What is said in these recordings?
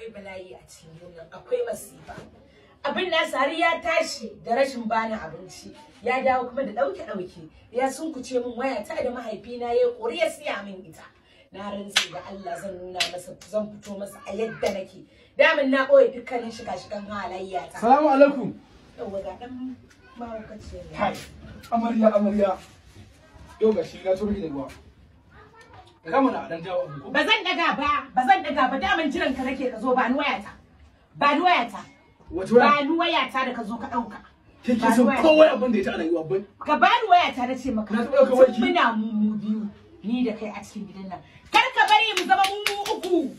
akwai bala'i a cikin duniya akwai masifa abin na sari ya tashi da rashin bani abinci ya dawo kuma da ɗauke ɗauke ya sunkuce min wayata da mahaifina ya kori ya siya min ita na rantsi ga Allah zan nuna masa zan fito masa a yadda nake damin na ɓoye dukkanin shiga shigan halayya ta salamu alaikum yauwa ga ɗan mahaukaciyar amarya amarya yau ga shi na turki da ruwa Daga mana dan jawo abu. Ba zan daga ba, ba zan daga ba daman jiran ka nake ka zo ba ni wayata. Ba ni wayata. Wace Ba ni wayata da ka zo ka dauka. Kike so kowai abin da ya ta rayuwa ba. Ka ba ni wayata na ce maka. Na dauka wayaki. Muna mu mu biyu ni da kai a cikin gidan nan. Kar ka bari mu zama mu mu uku.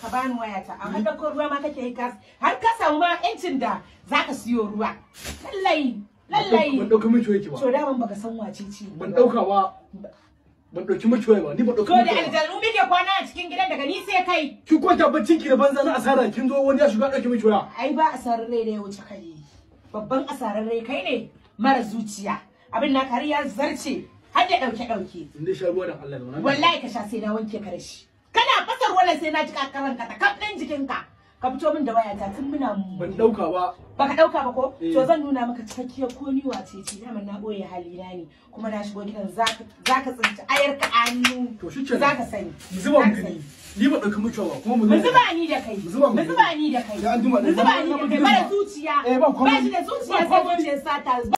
Ka ba ni wayata a hada mm. ko ruwa ma kake yi kas har ka samu ma yancin da zaka siyo ruwa. Lallai lallai. Ban dauka miki wayaki ba. To da ban baka san wace ce. Ban dauka ba. ban ɗauki miki waya ba ni ba ɗauki miki waya. To da aljanu muke kwana a cikin gidan daga ni sai kai. Ki kwanta baccin ki da banza na asara kin zo wani ya shiga ɗauki miki waya. Ai ba asarar rai da ya wuce kai. Babban asarar rai kai ne mara zuciya. Abin na kariya zarce har da ɗauke ɗauke. In dai sha ruwa da Allah da wani. Wallahi ka sha sai na wanke ka da shi. Kana fasar wannan sai na ji kakaran ka ta kaf ɗin ka. ka fito min da ta tun muna ban dauka ba baka dauka ba ko eh. to zan nuna maka cikakkiya ko ni wace ce daman na boye halina ne kuma na shigo gidan zaka zaka tsinci ayar ka anu to shi zaka sani mu zuba mu gani ni ba dauka mu cewa kuma mu zuba ni da kai mu zuba ni da kai mu zuba ni da kai mara zuciya eh, ba shi da zuciya sai zuciyar sata